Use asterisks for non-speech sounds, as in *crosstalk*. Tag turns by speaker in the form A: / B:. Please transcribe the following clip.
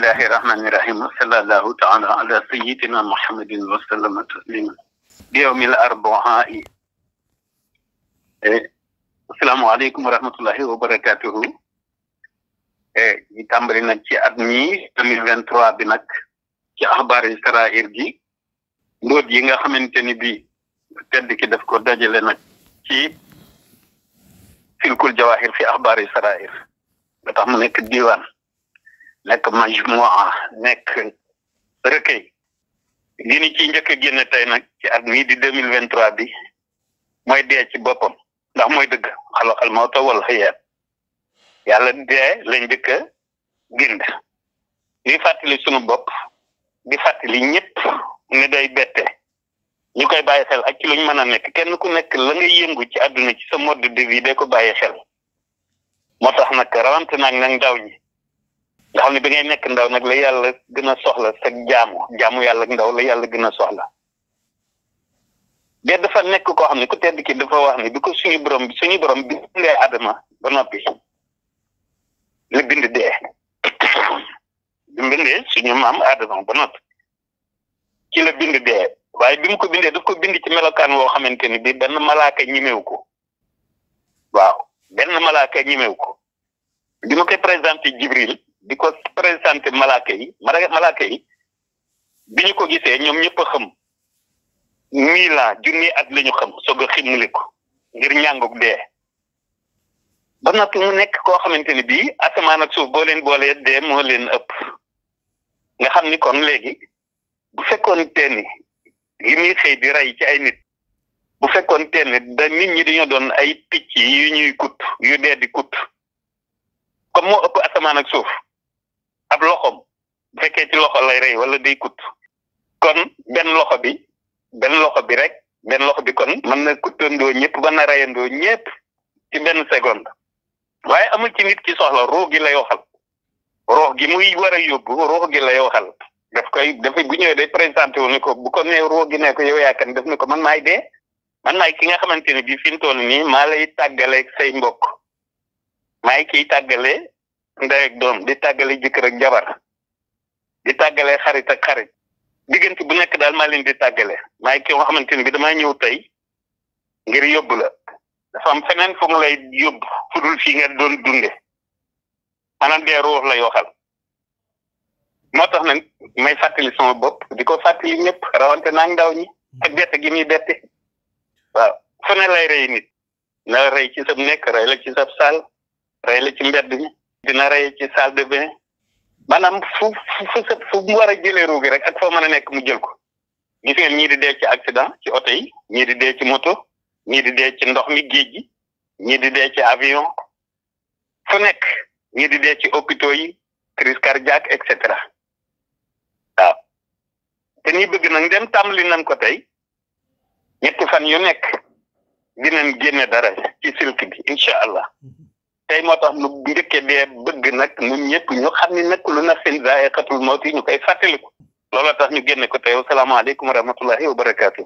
A: bismillahi rahmani rahim sallallahu ta'ala ala sayyidina muhammadin wa sallama taslima eh, eh, bi yawmil arba'i eh assalamu alaykum eh ni tambali nak ci at mi 2023 bi nak ci akhbar isra'il gi mbot yi nga xamanteni bi tedd ki daf ko dajale nak ci filkul jawahir fi akhbar isra'il ba tax mu nek diwan nekk majmua nekk recueil li ni ci njëkk a génn tey nag ci at mii di deux mille vingt trois bi mooy dee ci boppam ndax mooy dëgg xalaqal mawta wal hayaat yàlla dee lañ njëkk a bind di fàttali sunu bopp di fàttali ñëpp ne day bette ñu koy bàyyi xel ak ci luñ mën a nekk kenn ku nekk la nga yëngu ci àdduna ci sa mode de vie day ko bàyyi xel moo tax nag rawante nag nag ndaw ñi nga xamni bi ngay nekk ndaw nag la yàlla gën a soxla sa jaamu jaamu yàlla ndaw la yàlla gën a soxla mais dafa nekk koo xam ne ku tedd ki dafa wax ni bi ko suñu borom suñu borom bi ngay adama ba noppi la bind dee *coughs* bi mbindee suñu maam adama ba noppi ci la bind dee waaye bi mu ko bindee daf ko bind ci melokaan woo xamante ni bi benn malaaka ñimew ko waaw benn malaaka ñimew ko bi ma koy présenté jibril diko ko malaka yi malaka yi biñu ko gisee ñom ñepp xam mi la jooni at lañu ñu xam soog a ko ngir ñàngug dee ba nak mu nekk ko xamanteni bi asman ak suuf bo leen leen dee mo leen ëpp nga xam ni kon bu fekkon yi mi xey di ray ci ay nit bu fekkon teen da nit ñi dañu doon ay picci yu ñuy kut yu dee kut comme mo ëpp asman ak suuf ab loxom fekke ci loxo lay rey wala day kut kon ben loxo bi ben loxo bi rek ben loxo bi kon man na kuttandoo ñepp ba na reyandoo ñepp ci ben seconde waye amul ci nit ki soxla roh gi lay waxal roh gi muy wara yob roh gi lay waxal daf koy daf bu ñewé day présenté ko bu ko né roh gi ne ko yow yaa kan daf ni ko man may dé man may ki nga xamanteni bi fiñ tollu ni ma lay say mbokk may ki taggalé nday ak doom di tàggale jëkkër ak jabar di tàggale xarit ak xarit diggante bu nekk daal maa leen di tàggale maay ki nga xamante ni bi damaa ñëw tey ngir yóbbu la dafa am feneen fu mu lay yóbbu nga doon dunde maanaam dee ruux la waxal moo tax nag may fàttali sama bopp di ko fàttali ñëpp rawante naa ndaw ñi ak bette gi muy bette waaw fu ne lay rey nit na rey ci sa nekk rey la ci sa saal rey la ci mbedd mi na rey ci salle de bain maanaam fu fu fu mu war a jëlee ruu gi rek ak foo mën a nekk mu jël ko gis ngeen ñii di dee ci accident ci oto yi ñii di dee ci moto ñii di dee ci ndox mi géej gi ñii di dee ci avion fu nekk ñii di dee ci hôpitaux yi crise cardiaque et cetera waaw te ñi bëgg nag dem tàmbali nañ ko tey ñetti fan yu nekk dinañ génne dara ci silk bi incha allah mm-hmm. tey moo tax nu njëkkee dee bëgg nag ñun ñëpp ñu xam ni nag lu na seen moo mawti ñu koy fàttaliku looloo tax ñu génne ko tey wasalaamaaleykum wa rahmatullahi wa barakaatu.